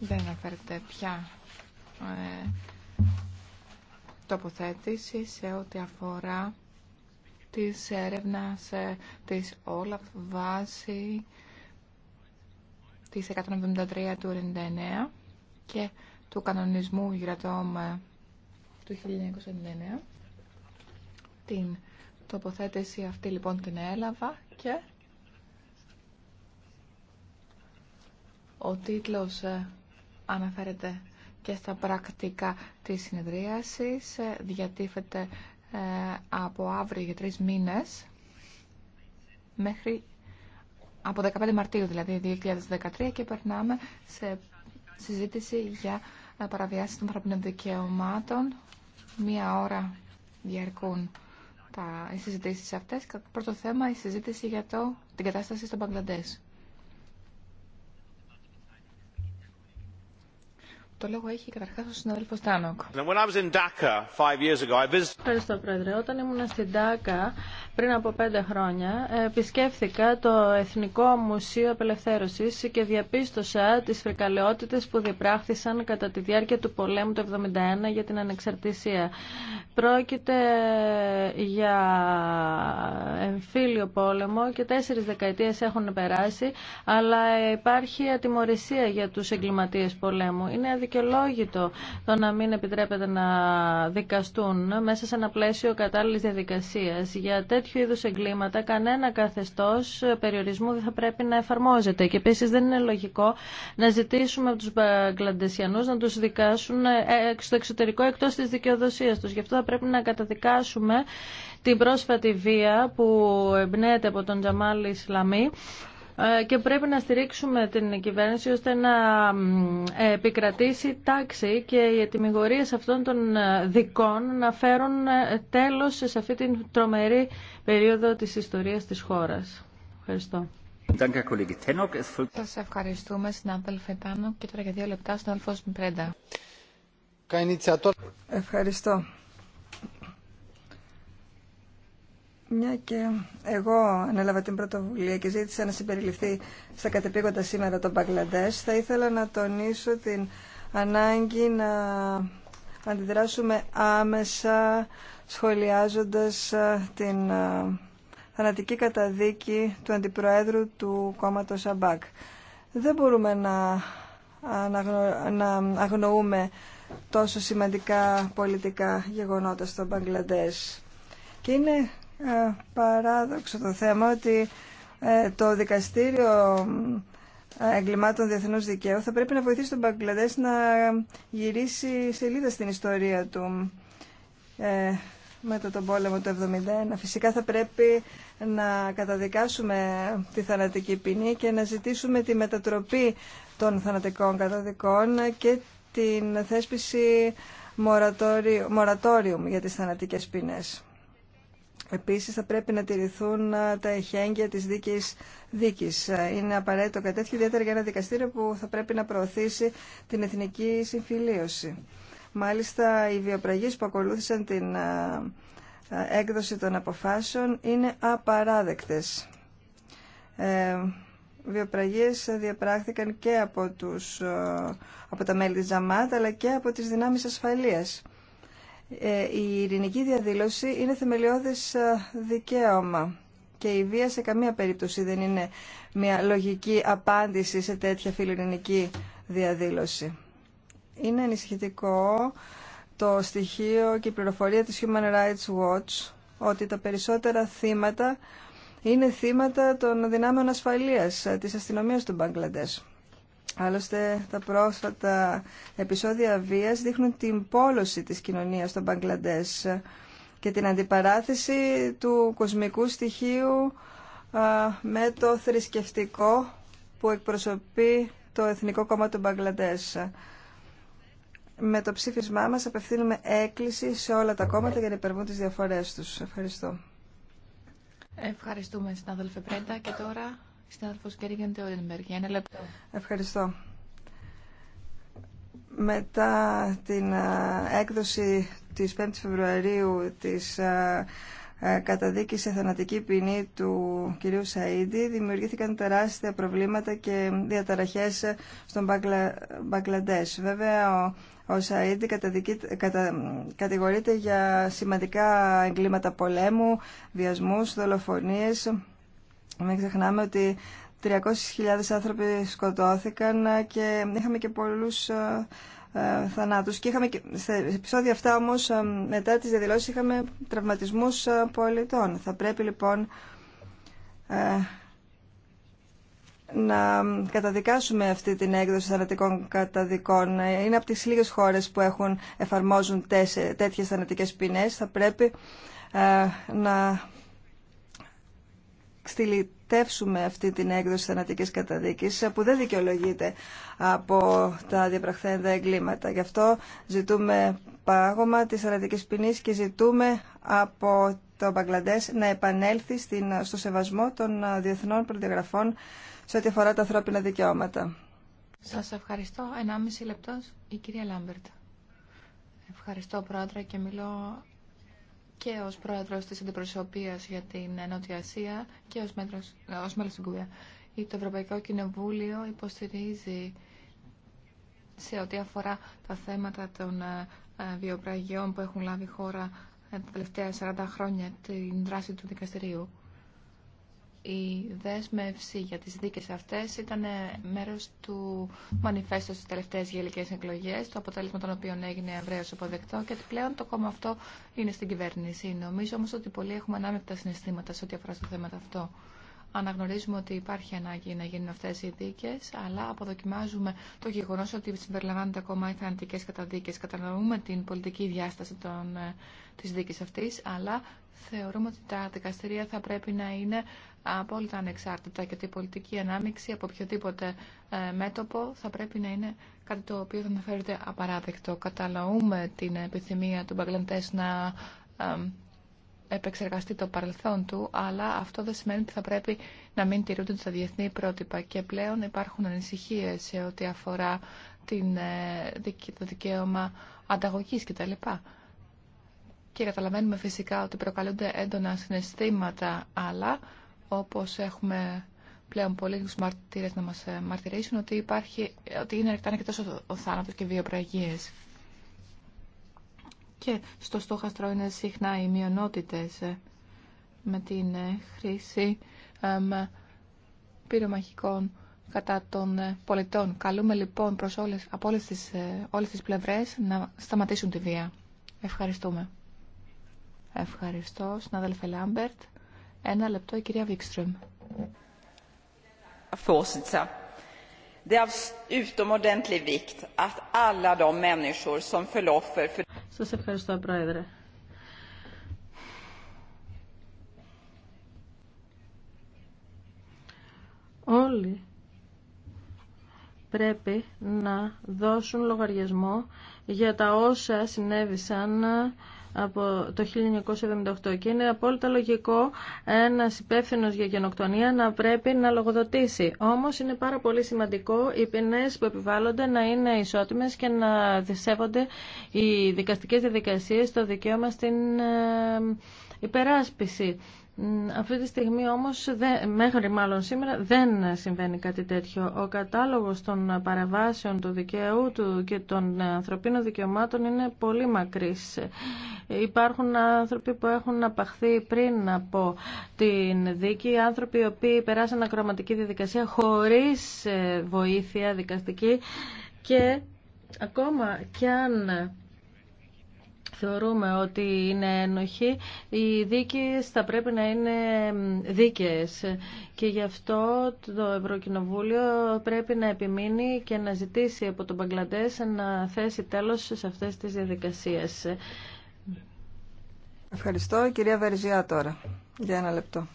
Δεν αναφέρεται πια ε, τοποθέτηση σε ό,τι αφορά της έρευνα ε, της Όλαφ βάση τη 173 του 99 και του κανονισμού γρατόμ ε, του 1999. Την τοποθέτηση αυτή λοιπόν την έλαβα και Ο τίτλος ε, αναφέρεται και στα πρακτικά της συνεδρίασης. Ε, διατίθεται ε, από αύριο για τρεις μήνες μέχρι από 15 Μαρτίου δηλαδή 2013 και περνάμε σε συζήτηση για παραβιάσεις των ανθρωπίνων δικαιωμάτων. Μία ώρα διαρκούν τα, οι συζητήσεις αυτές. Πρώτο θέμα η συζήτηση για το, την κατάσταση των Μπαγκλαντές. Το λόγο έχει καταρχάς ο συνάδελφος Τάνοκ. Ευχαριστώ, Πρόεδρε. Όταν ήμουν στην Τάκα, πριν από πέντε χρόνια επισκέφθηκα το Εθνικό Μουσείο Απελευθέρωσης και διαπίστωσα τις φρικαλαιότητες που διαπράχθησαν κατά τη διάρκεια του πολέμου του 1971 για την ανεξαρτησία. Πρόκειται για εμφύλιο πόλεμο και τέσσερις δεκαετίες έχουν περάσει, αλλά υπάρχει ατιμορρησία για τους εγκληματίες πολέμου. Είναι αδικαιολόγητο το να μην επιτρέπεται να δικαστούν μέσα σε ένα πλαίσιο κατάλληλης διαδικασίας για τέτοιου είδου εγκλήματα κανένα καθεστώ περιορισμού δεν θα πρέπει να εφαρμόζεται. Και επίση δεν είναι λογικό να ζητήσουμε από του Μπαγκλαντεσιανού να του δικάσουν ε, ε, στο εξωτερικό εκτό τη δικαιοδοσία του. Γι' αυτό θα πρέπει να καταδικάσουμε την πρόσφατη βία που εμπνέεται από τον Τζαμάλ Ισλάμι και πρέπει να στηρίξουμε την κυβέρνηση ώστε να επικρατήσει τάξη και οι ετοιμιγορίες αυτών των δικών να φέρουν τέλος σε αυτή την τρομερή περίοδο της ιστορίας της χώρας. Ευχαριστώ. Σας ευχαριστούμε συνάδελφε Τάνο και τώρα για δύο λεπτά στον Αλφός Μπρέντα. Ευχαριστώ. Μια και εγώ ανέλαβα την πρωτοβουλία και ζήτησα να συμπεριληφθεί στα κατεπήγοντα σήμερα τον Μπαγκλαντές, θα ήθελα να τονίσω την ανάγκη να αντιδράσουμε άμεσα σχολιάζοντας ε, την ε, θανατική καταδίκη του Αντιπροέδρου του κόμματος ΑΜΠΑΚ. Δεν μπορούμε να, να αγνοούμε τόσο σημαντικά πολιτικά γεγονότα στο Μπαγκλαντές. Και είναι ε, παράδοξο το θέμα ότι ε, το Δικαστήριο ε, Εγκλημάτων Διεθνούς Δικαίου θα πρέπει να βοηθήσει τον Μπαγκλαντές να γυρίσει σελίδα στην ιστορία του μετά τον πόλεμο του 1971. Φυσικά θα πρέπει να καταδικάσουμε τη θανατική ποινή και να ζητήσουμε τη μετατροπή των θανατικών καταδικών και την θέσπιση μορατόριου για τις θανατικές ποινές. Επίσης θα πρέπει να τηρηθούν ε, τα εχέγγυα της δίκης δίκης. Ε, είναι απαραίτητο κάτι ιδιαίτερα για ένα δικαστήριο που θα πρέπει να προωθήσει την εθνική συμφιλίωση. Μάλιστα, οι βιοπραγίες που ακολούθησαν την ε, έκδοση των αποφάσεων είναι απαράδεκτες. Ε, διαπράχθηκαν και από, τους, από τα μέλη της Τζαμάτ, αλλά και από τις δυνάμεις ασφαλείας. Ε, η ειρηνική διαδήλωση είναι θεμελιώδης ε, δικαίωμα και η βία σε καμία περίπτωση δεν είναι μια λογική απάντηση σε τέτοια φιλοειρηνική διαδήλωση. Είναι ανησυχητικό το στοιχείο και η πληροφορία της Human Rights Watch ότι τα περισσότερα θύματα είναι θύματα των δυνάμεων ασφαλείας ε, της αστυνομίας του Μπαγκλαντές. Άλλωστε, τα πρόσφατα επεισόδια βίας δείχνουν την πόλωση της κοινωνίας των Μπαγκλαντές και την αντιπαράθεση του κοσμικού στοιχείου με το θρησκευτικό που εκπροσωπεί το Εθνικό Κόμμα του Μπαγκλαντές. Με το ψήφισμά μας απευθύνουμε έκκληση σε όλα τα κόμματα για να υπερβούν τις διαφορές τους. Ευχαριστώ. Ευχαριστούμε, συνάδελφε Πρέντα. Και τώρα Ευχαριστώ. Μετά την ε, έκδοση της 5 Φεβρουαρίου της ε, ε, καταδίκη σε θανατική ποινή του κυρίου Σαΐντι δημιουργήθηκαν τεράστια προβλήματα και διαταραχές στον Μπαγκλα... Βέβαια ο, ο κατα... κατηγορείται για σημαντικά εγκλήματα πολέμου, βιασμούς, δολοφονίες μην ξεχνάμε ότι 300.000 άνθρωποι σκοτώθηκαν και είχαμε και πολλούς ε, ε, θανάτους. Και είχαμε και, σε επεισόδια αυτά όμως ε, μετά τις διαδηλώσεις είχαμε τραυματισμούς πολιτών. Θα πρέπει λοιπόν να καταδικάσουμε αυτή την έκδοση θανατικών καταδικών. Είναι από τις λίγες χώρες που έχουν, εφαρμόζουν τέτοιες θανατικές ποινές. Θα πρέπει να ξυλιτεύσουμε αυτή την έκδοση θανατικής καταδίκης που δεν δικαιολογείται από τα διαπραχθέντα εγκλήματα. Γι' αυτό ζητούμε πάγωμα της θανατικής ποινής και ζητούμε από το Μπαγκλαντές να επανέλθει στο σεβασμό των διεθνών προδιαγραφών σε ό,τι αφορά τα ανθρώπινα δικαιώματα. Σας ευχαριστώ. 1,5 λεπτός η κυρία Λάμπερτ. Ευχαριστώ πρόεδρε και μιλώ και ως πρόεδρος της αντιπροσωπείας για την Νότια Ασία και ως, μέτρος, ως μέλος του Κούβια. Το Ευρωπαϊκό Κοινοβούλιο υποστηρίζει σε ό,τι αφορά τα θέματα των ε, ε, βιοπραγιών που έχουν λάβει χώρα ε, τα τελευταία 40 χρόνια την δράση του δικαστηρίου η δέσμευση για τις δίκες αυτές ήταν μέρος του μανιφέστο στις τελευταίες γελικές εκλογές, το αποτέλεσμα των οποίων έγινε ευρέως αποδεκτό και πλέον το κόμμα αυτό είναι στην κυβέρνηση. Νομίζω όμως ότι πολλοί έχουμε ανάμεικτα συναισθήματα σε ό,τι αφορά στο θέμα αυτό αναγνωρίζουμε ότι υπάρχει ανάγκη να γίνουν αυτέ οι δίκε, αλλά αποδοκιμάζουμε το γεγονό ότι συμπεριλαμβάνονται ακόμα οι θανατικέ καταδίκες. Κατανοούμε την πολιτική διάσταση ε, τη δίκη αυτή, αλλά θεωρούμε ότι τα δικαστηρία θα πρέπει να είναι απόλυτα ανεξάρτητα και ότι η πολιτική ανάμειξη από οποιοδήποτε ε, μέτωπο θα πρέπει να είναι κάτι το οποίο θα αναφέρεται απαράδεκτο. Καταλαούμε την επιθυμία των παγκλαντές να ε, επεξεργαστεί το παρελθόν του, αλλά αυτό δεν σημαίνει ότι θα πρέπει να μην τηρούνται τα διεθνή πρότυπα. Και πλέον υπάρχουν ανησυχίε σε ό,τι αφορά την, ε, το δικαίωμα ανταγωγή κτλ. Και καταλαβαίνουμε φυσικά ότι προκαλούνται έντονα συναισθήματα, αλλά όπως έχουμε πλέον πολλοί μαρτύρες να μας ε, μαρτυρήσουν, ότι, υπάρχει, ότι είναι αρκετά τόσο ο θάνατος και βιοπραγίες και στο στόχαστρο είναι συχνά οι μειονότητες ε, με την ε, χρήση πυρομαχικών κατά των ε, πολιτών. Καλούμε λοιπόν προς όλες, από όλες τις, όλες τις πλευρές να σταματήσουν τη βία. Ευχαριστούμε. Ευχαριστώ, συνάδελφε Λάμπερτ. Ένα λεπτό, η κυρία Βίξτρομ. Det är av utomordentlig vikt att alla de människor som σας ευχαριστώ, Πρόεδρε. Όλοι πρέπει να δώσουν λογαριασμό για τα όσα συνέβησαν από το 1978 και είναι απόλυτα λογικό ένας υπεύθυνο για γενοκτονία να πρέπει να λογοδοτήσει. Όμως είναι πάρα πολύ σημαντικό οι ποινές που επιβάλλονται να είναι ισότιμες και να δισεύονται οι δικαστικές διαδικασίες στο δικαίωμα στην ε, υπεράσπιση. Αυτή τη στιγμή όμως, μέχρι μάλλον σήμερα, δεν συμβαίνει κάτι τέτοιο. Ο κατάλογος των παραβάσεων του δικαίου του και των ανθρωπίνων δικαιωμάτων είναι πολύ μακρύς. Υπάρχουν άνθρωποι που έχουν απαχθεί πριν από την δίκη, άνθρωποι οι οποίοι περάσαν ακροματική διαδικασία χωρίς ε, βοήθεια δικαστική και ακόμα κι αν Θεωρούμε ότι είναι ένοχοι. Οι δίκες θα πρέπει να είναι δίκαιες και γι' αυτό το Ευρωκοινοβούλιο πρέπει να επιμείνει και να ζητήσει από τον Παγκλαντές να θέσει τέλος σε αυτές τις διαδικασίες. Ευχαριστώ. Κυρία Βεριζιά τώρα, για ένα λεπτό.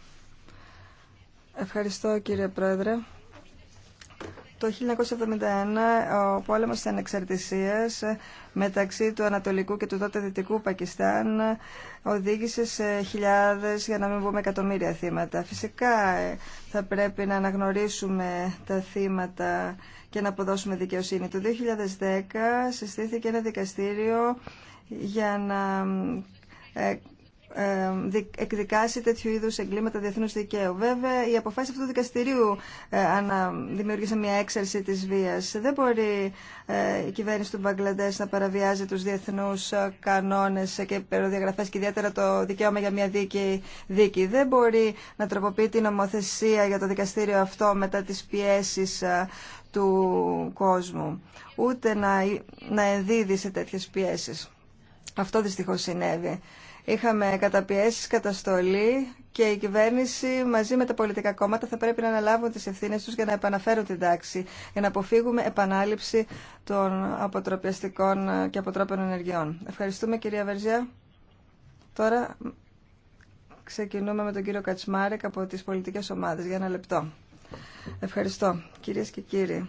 Ευχαριστώ κύριε Πρόεδρε. Το 1971 ο πόλεμος της ανεξαρτησίας ε, μεταξύ του Ανατολικού και του τότε Δυτικού Πακιστάν οδήγησε σε χιλιάδες για να μην πούμε εκατομμύρια θύματα. Φυσικά ε, θα πρέπει να αναγνωρίσουμε τα θύματα και να αποδώσουμε δικαιοσύνη. Το 2010 συστήθηκε ένα δικαστήριο για να ε, εκδικάσει τέτοιου είδους εγκλήματα διεθνούς δικαίου. Βέβαια, η αποφάση αυτού του δικαστηρίου ε, δημιούργησε μια έξαρση της βίας. Δεν μπορεί ε, η κυβέρνηση του Μπαγκλαντές να παραβιάζει τους διεθνούς ε, κανόνες και περιοδιαγραφές και ιδιαίτερα το δικαίωμα για μια δίκη. δίκη. Δεν μπορεί να τροποποιεί την νομοθεσία για το δικαστήριο αυτό μετά τις πιέσεις του κόσμου, ούτε να, να ενδίδει σε τέτοιες πιέσεις. Αυτό δυστυχώ συνέβη. Είχαμε καταπιέσει καταστολή και η κυβέρνηση μαζί με τα πολιτικά κόμματα θα πρέπει να αναλάβουν τις ευθύνες τους για να επαναφέρουν την τάξη, για να αποφύγουμε επανάληψη των αποτροπιαστικών και αποτρόπαιων ενεργειών. Ευχαριστούμε κυρία Βερζιά. Τώρα ξεκινούμε με τον κύριο Κατσμάρεκ από τι πολιτικέ ομάδε Για ένα λεπτό. Ευχαριστώ. κυρίε και κύριοι.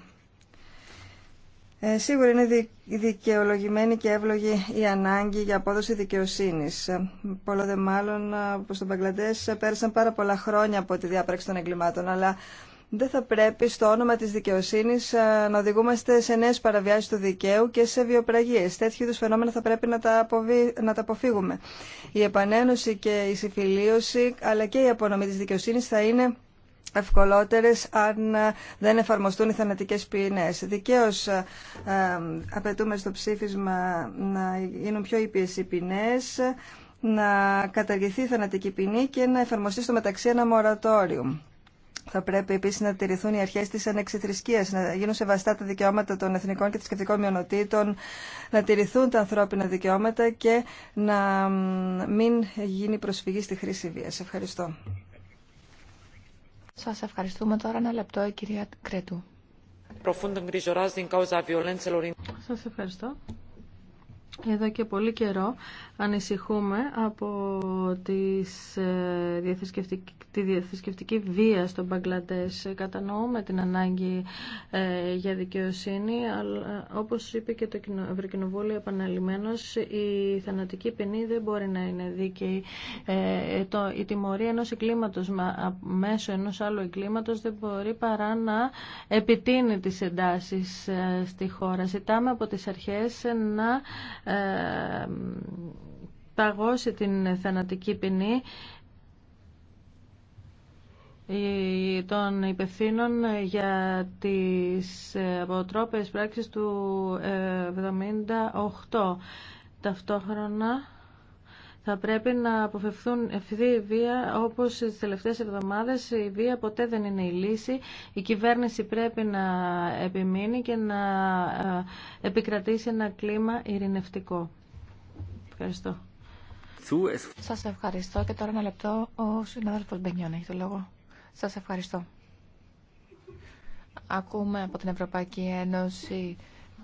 Ε, σίγουρα είναι δικαιολογημένη και εύλογη η ανάγκη για απόδοση δικαιοσύνη. Ε, πολλό δε μάλλον ε, όπω στον Παγκλαντές ε, πέρασαν πάρα πολλά χρόνια από τη διάπραξη των εγκλημάτων, αλλά δεν θα πρέπει στο όνομα της δικαιοσύνη να οδηγούμαστε σε νέε παραβιάσει του δικαίου και σε βιοπραγίες. Τέτοιου είδου φαινόμενα θα πρέπει να τα, να τα αποφύγουμε. Η επανένωση και η συμφιλίωση αλλά και η απονομή τη δικαιοσύνη θα είναι ευκολότερες αν ε, δεν εφαρμοστούν οι θανατικές ποινές. Δικαίως ε, ε, απαιτούμε στο ψήφισμα να γίνουν πιο ήπιες οι ποινές, να καταργηθεί η θανατική ποινή και να εφαρμοστεί στο μεταξύ ένα μορατόριο. Θα πρέπει επίση να τηρηθούν οι αρχέ τη ανεξιθρησκεία, να γίνουν σεβαστά τα δικαιώματα των εθνικών και θρησκευτικών μειονοτήτων, να τηρηθούν τα ανθρώπινα δικαιώματα και να μην γίνει προσφυγή στη χρήση βία. Ευχαριστώ. Σας ευχαριστούμε τώρα ένα λεπτό η κυρία Κρέτου. Σας ευχαριστώ. Εδώ και πολύ καιρό ανησυχούμε από τις, ε, τη διαθρησκευτική βία στον Μπαγκλαντές. Κατανοούμε την ανάγκη ε, για δικαιοσύνη, αλλά ε, όπως είπε και το Ευρωκοινοβούλιο επαναλημμένως, η θανατική ποινή δεν μπορεί να είναι δίκαιη. το, η τιμωρία ενός εγκλήματος μέσω ενός άλλου εγκλήματος δεν μπορεί παρά να επιτείνει τις εντάσεις στη χώρα. Ζητάμε από τις αρχές να παγώσει την θανατική ποινή των υπευθύνων για τις ε, αποτρόπες πράξεις του 78. Ε, Ταυτόχρονα θα πρέπει να αποφευθούν ευθύ η βία όπως στις τελευταίες εβδομάδες η βία ποτέ δεν είναι η λύση η κυβέρνηση πρέπει να επιμείνει και να ε, επικρατήσει ένα κλίμα ειρηνευτικό Ευχαριστώ σας ευχαριστώ και τώρα ένα λεπτό ο συνάδελφος Μπενιόν έχει το λόγο. Σας ευχαριστώ. Ακούμε από την Ευρωπαϊκή Ένωση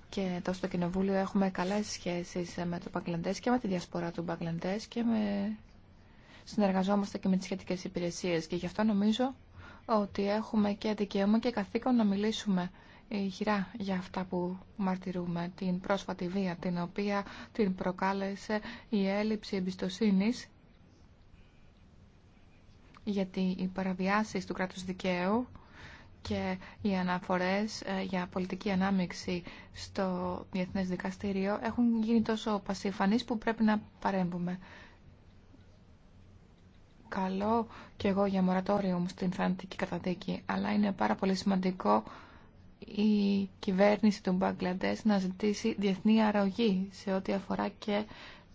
και τόσο στο Κοινοβούλιο έχουμε καλές σχέσεις με το Παγκλαντές και με τη διασπορά του Παγκλαντές και με... συνεργαζόμαστε και με τις σχετικές υπηρεσίες και γι' αυτό νομίζω ότι έχουμε και δικαίωμα και καθήκον να μιλήσουμε η χειρά για αυτά που μαρτυρούμε, την πρόσφατη βία την οποία την προκάλεσε η έλλειψη εμπιστοσύνης γιατί οι παραβιάσεις του κράτους δικαίου και οι αναφορές ε, για πολιτική ανάμειξη στο Διεθνές Δικαστήριο έχουν γίνει τόσο πασίφανείς που πρέπει να παρέμβουμε. Καλό και εγώ για μορατόριο μου στην θανατική καταδίκη, αλλά είναι πάρα πολύ σημαντικό η κυβέρνηση του Μπαγκλαντές να ζητήσει διεθνή αρρωγή σε ό,τι αφορά και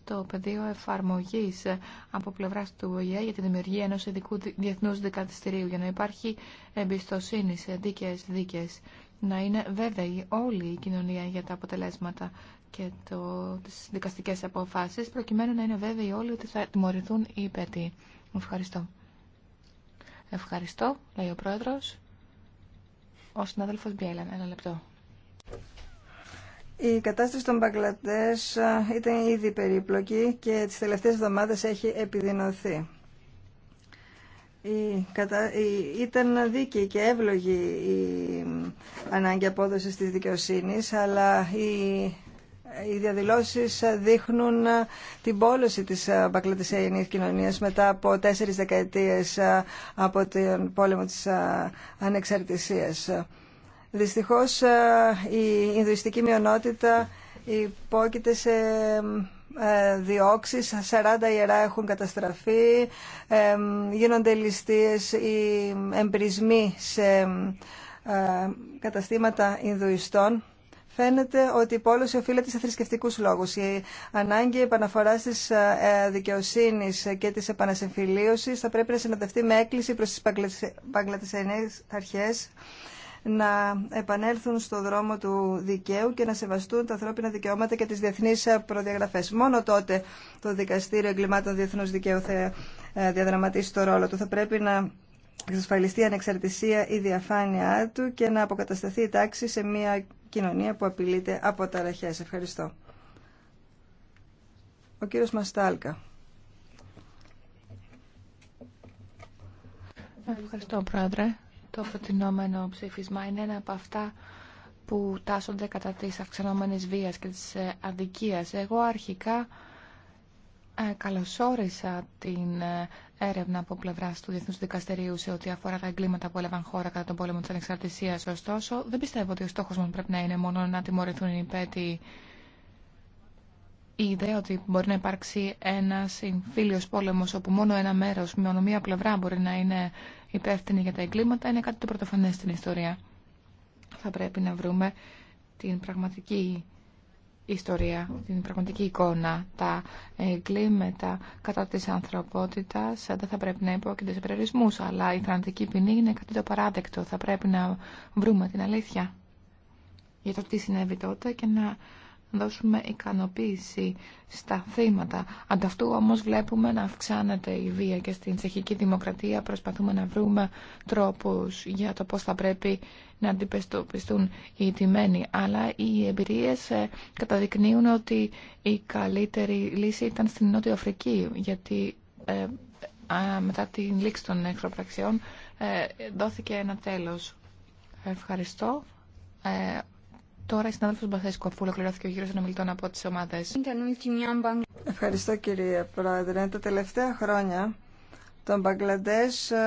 το πεδίο εφαρμογής από πλευράς του ΟΗΕ για τη δημιουργία ενός ειδικού διεθνούς δικαστηρίου για να υπάρχει εμπιστοσύνη σε δίκαιες δίκες να είναι βέβαιη όλη η κοινωνία για τα αποτελέσματα και το, τις δικαστικές αποφάσεις προκειμένου να είναι βέβαιοι όλοι ότι θα τιμωρηθούν οι υπέτοι. Ευχαριστώ. Ευχαριστώ, λέει ο Πρόεδρος. Ο συνάδελφο Μπιέλαν, ένα λεπτό. Η κατάσταση των Μπαγκλατές ήταν ήδη περίπλοκη και τις τελευταίες εβδομάδες έχει επιδεινωθεί. Ήταν δίκαιη και εύλογη η ανάγκη απόδοσης της δικαιοσύνης, αλλά η οι διαδηλώσει δείχνουν ε, την πόλωση της ε, Μπαγκλαντισιανής κοινωνία μετά από τέσσερι δεκαετίες ε, από τον πόλεμο της ανεξαρτησίας. Δυστυχώς η Ινδουιστική μειονότητα υπόκειται σε διώξεις, 40 ιερά έχουν καταστραφεί, γίνονται ληστείες ή εμπρισμοί σε καταστήματα Ινδουιστών φαίνεται ότι η πόλωση οφείλεται σε θρησκευτικού λόγου. Η ανάγκη επαναφορά τη ε, δικαιοσύνη και τη επανασυμφιλίωση θα πρέπει να συνοδευτεί με έκκληση προ τι παγκλατισενές αρχέ να επανέλθουν στο δρόμο του δικαίου και να σεβαστούν τα ανθρώπινα δικαιώματα και τις διεθνείς προδιαγραφές. Μόνο τότε το Δικαστήριο Εγκλημάτων Διεθνούς Δικαίου θα ε, διαδραματίσει το ρόλο του. Θα πρέπει να εξασφαλιστεί η ανεξαρτησία, η διαφάνειά του και να αποκατασταθεί η τάξη σε μια κοινωνία που απειλείται από τα ταραχές. Ευχαριστώ. Ο κύριος Μαστάλκα. Ευχαριστώ, Πρόεδρε. Το προτινόμενο ψήφισμα είναι ένα από αυτά που τάσσονται κατά της αυξανόμενης βίας και της ε, αδικίας. Εγώ αρχικά ε, καλωσόρισα την ε, έρευνα από πλευρά του Διεθνού Δικαστηρίου σε ό,τι αφορά τα εγκλήματα που έλαβαν χώρα κατά τον πόλεμο τη Ανεξαρτησία. Ωστόσο, δεν πιστεύω ότι ο στόχο μα πρέπει να είναι μόνο να τιμωρηθούν οι υπέτη. Η ιδέα ότι μπορεί να υπάρξει ένα συμφίλιο πόλεμο όπου μόνο ένα μέρο, μόνο μία πλευρά μπορεί να είναι υπεύθυνη για τα εγκλήματα είναι κάτι το πρωτοφανέ στην ιστορία. Θα πρέπει να βρούμε την πραγματική ιστορία, την πραγματική εικόνα. Τα εγκλήματα κατά της ανθρωπότητας ε, δεν θα πρέπει να υπόκεινται σε περιορισμού, αλλά η θανατική ποινή είναι κάτι το παράδεκτο. Θα πρέπει να βρούμε την αλήθεια για το τι συνέβη τότε και να δώσουμε ικανοποίηση στα θύματα. Ανταυτού όμως βλέπουμε να αυξάνεται η βία και στην τσεχική δημοκρατία προσπαθούμε να βρούμε τρόπους για το πώς θα πρέπει να αντιπιστούν οι τιμένοι. Αλλά οι εμπειρίες ε, καταδεικνύουν ότι η καλύτερη λύση ήταν στην Νότια Αφρική γιατί ε, μετά την λήξη των εχθροπραξιών ε, δόθηκε ένα τέλος. Ευχαριστώ. Ε, Τώρα η συνάδελφο Μπασέσκου, αφού ολοκληρώθηκε ο γύρο των από τι ομάδε. Ευχαριστώ κύριε Πρόεδρε. Τα τελευταία χρόνια το Μπαγκλαντές ε,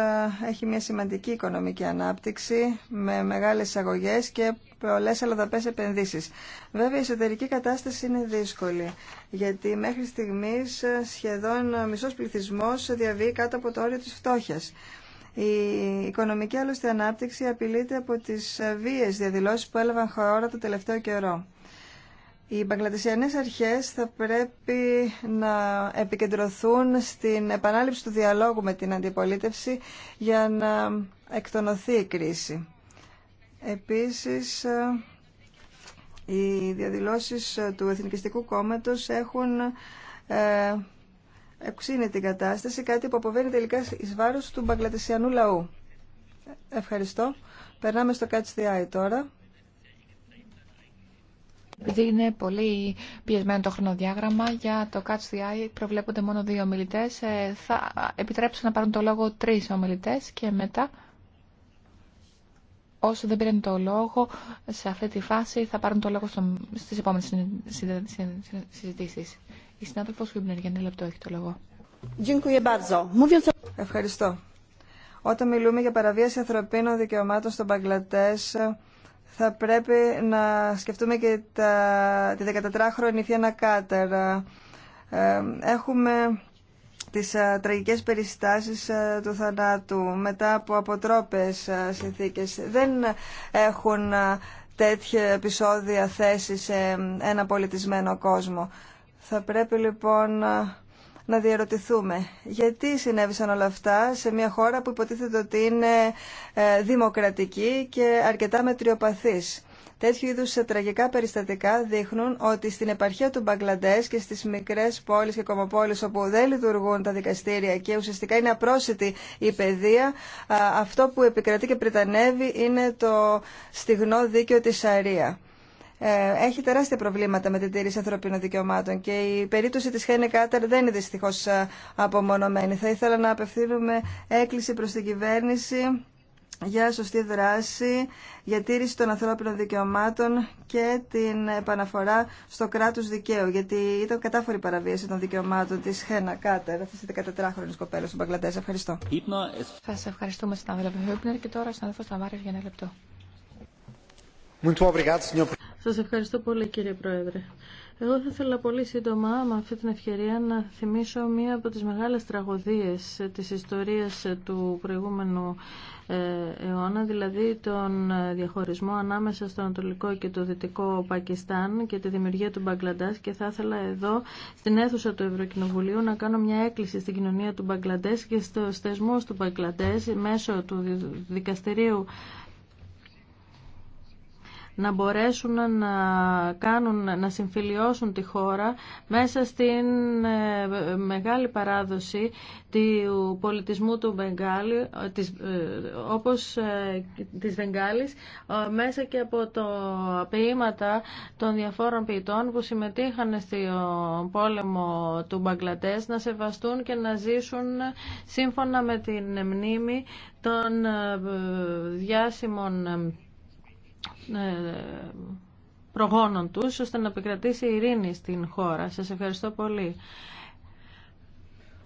έχει μια σημαντική οικονομική ανάπτυξη με μεγάλες εισαγωγές και πολλέ αλλαδαπέ επενδύσει. Βέβαια η εσωτερική κατάσταση είναι δύσκολη γιατί μέχρι στιγμή ε, σχεδόν μισό πληθυσμό διαβεί κάτω από το όριο τη φτώχεια. Η οικονομική άλλωστε ανάπτυξη απειλείται από τις βίε διαδηλώσει που έλαβαν χώρα το τελευταίο καιρό. Οι μπαγκλατεσιανές αρχές θα πρέπει να επικεντρωθούν στην επανάληψη του διαλόγου με την αντιπολίτευση για να εκτονωθεί η κρίση. Επίσης, οι διαδηλώσεις του Εθνικιστικού Κόμματος έχουν ε, Εξήνεται την κατάσταση, κάτι που αποβαίνει τελικά εις βάρος του μπαγκλατεσιανού λαού. Ευχαριστώ. Περνάμε στο Catch the Eye τώρα. Επειδή είναι πολύ πιεσμένο το χρονοδιάγραμμα, για το Catch the Eye προβλέπονται μόνο δύο ομιλητέ. Ε, θα επιτρέψω να πάρουν το λόγο τρει ομιλητέ και μετά, όσο δεν πήραν το λόγο σε αυτή τη φάση, θα πάρουν το λόγο στι επόμενε συζητήσει. Η συνάδελφος Χουμπνερ, για ένα λεπτό έχει το λόγο. Ευχαριστώ. Όταν μιλούμε για παραβίαση ανθρωπίνων δικαιωμάτων στον Παγκλατές, θα πρέπει να σκεφτούμε και τα, τη 14χρονη Θιάννα Κάτερα. Ε, έχουμε τις α, ε, τραγικές περιστάσεις α, ε, του θανάτου μετά από αποτρόπες α, συνθήκες. Δεν έχουν τέτοια επεισόδια θέση σε ένα πολιτισμένο κόσμο. Θα πρέπει λοιπόν να διαρωτηθούμε γιατί συνέβησαν όλα αυτά σε μια χώρα που υποτίθεται ότι είναι ε, δημοκρατική και αρκετά μετριοπαθής. Τέτοιου είδους τραγικά περιστατικά δείχνουν ότι στην επαρχία του Μπαγκλαντές και στις μικρές πόλεις και κομοπόλεις όπου δεν λειτουργούν τα δικαστήρια και ουσιαστικά είναι απρόσιτη η παιδεία, αυτό που επικρατεί και πριτανεύει είναι το στιγνό δίκαιο της Σαρία. Ε, έχει τεράστια προβλήματα με την τήρηση ανθρωπίνων δικαιωμάτων και η περίπτωση της Χένε Κάτερ δεν είναι δυστυχώς ε, απομονωμένη. Θα ήθελα να απευθύνουμε έκκληση προς την κυβέρνηση για σωστή δράση, για τήρηση των ανθρώπινων δικαιωμάτων και την επαναφορά στο κράτος δικαίου, γιατί ήταν κατάφορη παραβίαση των δικαιωμάτων της Χένα Κάτερ, αυτής της 14χρονης κοπέλας του Μπαγκλαντές. Ευχαριστώ. Σας ευχαριστούμε στην Χούπνερ και τώρα για ένα λεπτό. Σας ευχαριστώ πολύ κύριε Πρόεδρε. Εγώ θα ήθελα πολύ σύντομα με αυτή την ευκαιρία να θυμίσω μία από τις μεγάλες τραγωδίες της ιστορίας του προηγούμενου ε, αιώνα, δηλαδή τον διαχωρισμό ανάμεσα στο Ανατολικό και το Δυτικό Πακιστάν και τη δημιουργία του Μπαγκλαντάς και θα ήθελα εδώ στην αίθουσα του Ευρωκοινοβουλίου να κάνω μια έκκληση στην κοινωνία του Μπαγκλαντές και στο θεσμούς του Μπαγκλαντές μέσω του δικαστηρίου να μπορέσουν να, κάνουν, να συμφιλιώσουν τη χώρα μέσα στην ε, μεγάλη παράδοση του πολιτισμού του Μπεγγάλη, ε, της, ε, όπως της Βεγγάλης μέσα και από το ποίηματα των διαφόρων ποιητών που συμμετείχαν στο πόλεμο του Μπαγκλατές να σεβαστούν και να ζήσουν σύμφωνα με την μνήμη των διάσημων ε, προγόνων τους, ώστε να επικρατήσει ειρήνη στην χώρα. Σας ευχαριστώ πολύ.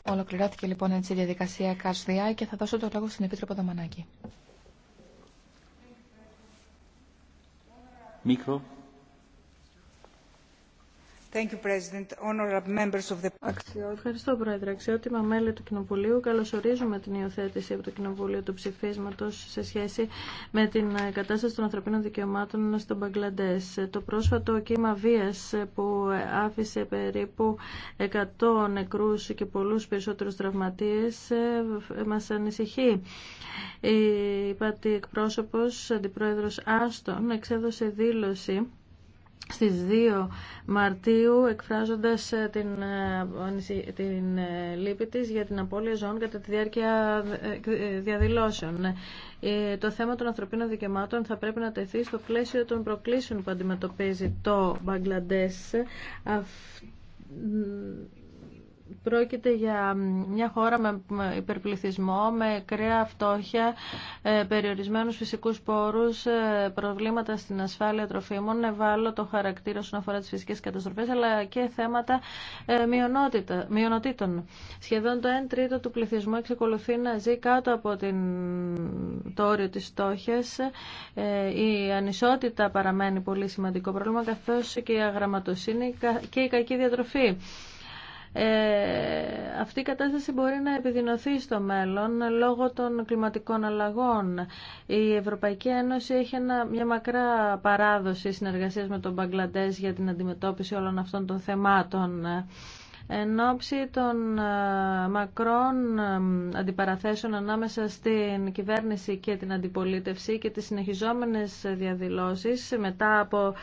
Ολοκληρώθηκε λοιπόν έτσι η διαδικασία ΚΑΣΔΙΑ και θα δώσω το λόγο στην Επίτροπο Δαμανάκη. Μικρό. Ευχαριστώ, Πρόεδρε. Αξιότιμα μέλη του Κοινοβουλίου, καλωσορίζουμε την υιοθέτηση από το Κοινοβούλιο του ψηφίσματο σε σχέση με την ε, κατάσταση των ανθρωπίνων δικαιωμάτων στον Μπαγκλαντέ. Το πρόσφατο κύμα βία που ε, άφησε περίπου 100 νεκρού και πολλού περισσότερου τραυματίε ε, μα ανησυχεί. Η Πατή Εκπρόσωπο, Αντιπρόεδρο Άστον, εξέδωσε δήλωση στις 2 Μαρτίου εκφράζοντας ε, την, ε, την ε, λύπη της για την απώλεια ζώων κατά τη διάρκεια διαδηλώσεων. Το θέμα των ανθρωπίνων δικαιωμάτων θα πρέπει να τεθεί στο πλαίσιο των προκλήσεων που αντιμετωπίζει το Μπαγκλαντές Πρόκειται για μια χώρα με υπερπληθυσμό, με κρέα φτώχεια, ε, περιορισμένους φυσικούς πόρους, ε, προβλήματα στην ασφάλεια τροφίμων, το χαρακτήρα όσον αφορά τις φυσικές καταστροφές, αλλά και θέματα ε, μειονοτήτων. Σχεδόν το 1 τρίτο του πληθυσμού εξακολουθεί να ζει κάτω από την... το όριο της φτώχεια. Η ανισότητα παραμένει πολύ σημαντικό πρόβλημα, καθώ και η αγραμματοσύνη και η κακή διατροφή. Ε, αυτή η κατάσταση μπορεί να επιδεινωθεί στο μέλλον λόγω των κλιματικών αλλαγών. Η Ευρωπαϊκή Ένωση έχει μια μακρά παράδοση συνεργασίας με τον Μπαγκλαντές για την αντιμετώπιση όλων αυτών των θεμάτων εν ώψη των ε, μακρών ε, αντιπαραθέσεων ανάμεσα στην κυβέρνηση και την αντιπολίτευση και τις συνεχιζόμενες διαδηλώσεις μετά από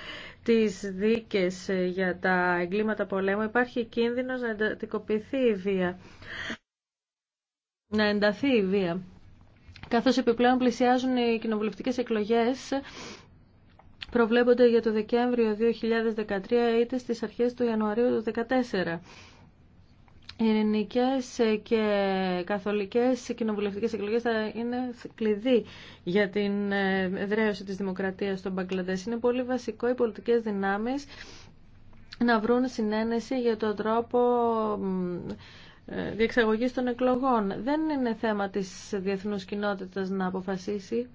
τις δίκες για τα εγκλήματα πολέμου υπάρχει κίνδυνος να εντατικοποιηθεί η βία, να ενταθεί η βία. Καθώς επιπλέον πλησιάζουν οι κοινοβουλευτικές εκλογές προβλέπονται για το Δεκέμβριο 2013 είτε στις αρχές του Ιανουαρίου του 2014. Ειρηνικέ και καθολικές κοινοβουλευτικές εκλογές θα είναι κλειδί για την ε, δρέωση της δημοκρατίας στον Μπαγκλαντές. Είναι πολύ βασικό οι πολιτικές δυνάμεις να βρουν συνένεση για τον τρόπο ε, διεξαγωγής των εκλογών. Δεν είναι θέμα της διεθνούς κοινότητας να αποφασίσει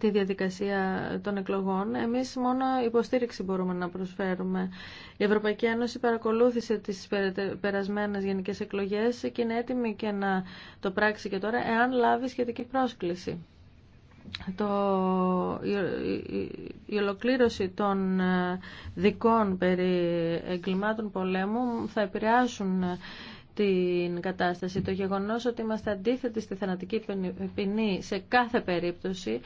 τη διαδικασία των εκλογών. Εμείς μόνο υποστήριξη μπορούμε να προσφέρουμε. Η Ευρωπαϊκή Ένωση παρακολούθησε τις περασμένες γενικές εκλογές και είναι έτοιμη και να το πράξει και τώρα εάν λάβει σχετική πρόσκληση το, η, ολοκλήρωση των ε, δικών περί εγκλημάτων πολέμου θα επηρεάσουν ε, την κατάσταση. Το γεγονός ότι είμαστε αντίθετοι στη θανατική ποινή σε κάθε περίπτωση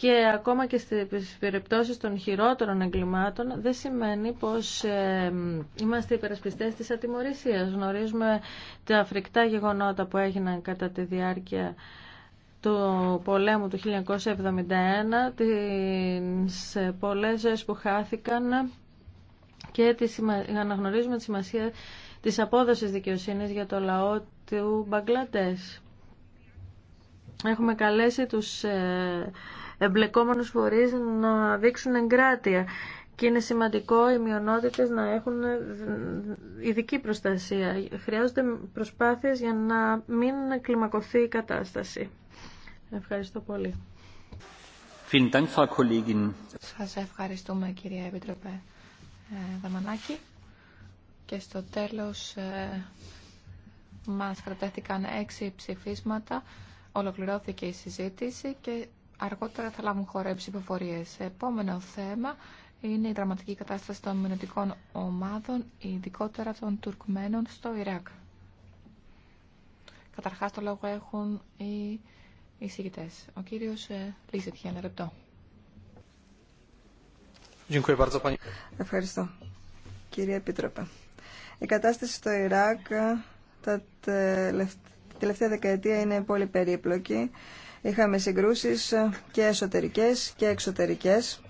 και ακόμα και στις περιπτώσεις των χειρότερων εγκλημάτων δεν σημαίνει πως ε, είμαστε υπερασπιστές της ατιμορρησίας. Γνωρίζουμε τα φρικτά γεγονότα που έγιναν κατά τη διάρκεια του πολέμου του 1971, τις ε, πολλές ζωές που χάθηκαν και αναγνωρίζουμε τη σημασία της απόδοσης δικαιοσύνης για το λαό του Μπαγκλατές. Έχουμε καλέσει τους ε, εμπλεκόμενους φορείς να δείξουν εγκράτεια και είναι σημαντικό οι μειονότητε να έχουν ειδική προστασία. Χρειάζονται προσπάθειες για να μην κλιμακωθεί η κατάσταση. Ευχαριστώ πολύ. Σας ευχαριστούμε κυρία Επιτροπέ ε, Δαμανάκη. Και στο τέλος ε, μας κρατέθηκαν έξι ψηφίσματα. Ολοκληρώθηκε η συζήτηση και αργότερα θα λάβουν χώρα οι ψηφοφορίε. Επόμενο θέμα είναι η δραματική κατάσταση των μηνωτικών ομάδων, ειδικότερα των Τουρκμένων στο Ιράκ. Καταρχά το λόγο έχουν οι εισηγητές. Ο κύριος ε, Λίζετ για ένα λεπτό. Ευχαριστώ. Κύριε Επίτροπε, η κατάσταση στο Ιράκ ε, τα τελευταία δεκαετία είναι πολύ περίπλοκη Είχαμε συγκρούσεις και εσωτερικές και εξωτερικές